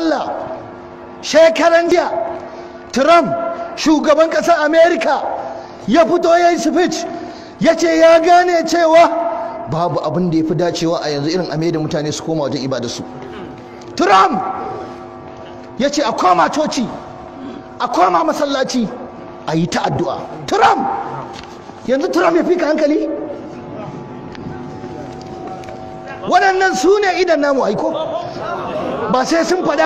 Allah shekaran jiya Trump shugaban ƙasar Amerika ya fito ya yi speech ya ce ya gane cewa babu abin da ya fi dacewa a yanzu irin ame da mutane su koma wajen ibadarsu Trump ya ce a koma coci a koma masallaci a yi ta addu'a Trump yanzu Trump ya fika hankali waɗannan su ne idan namu aiko ba sai sun faɗa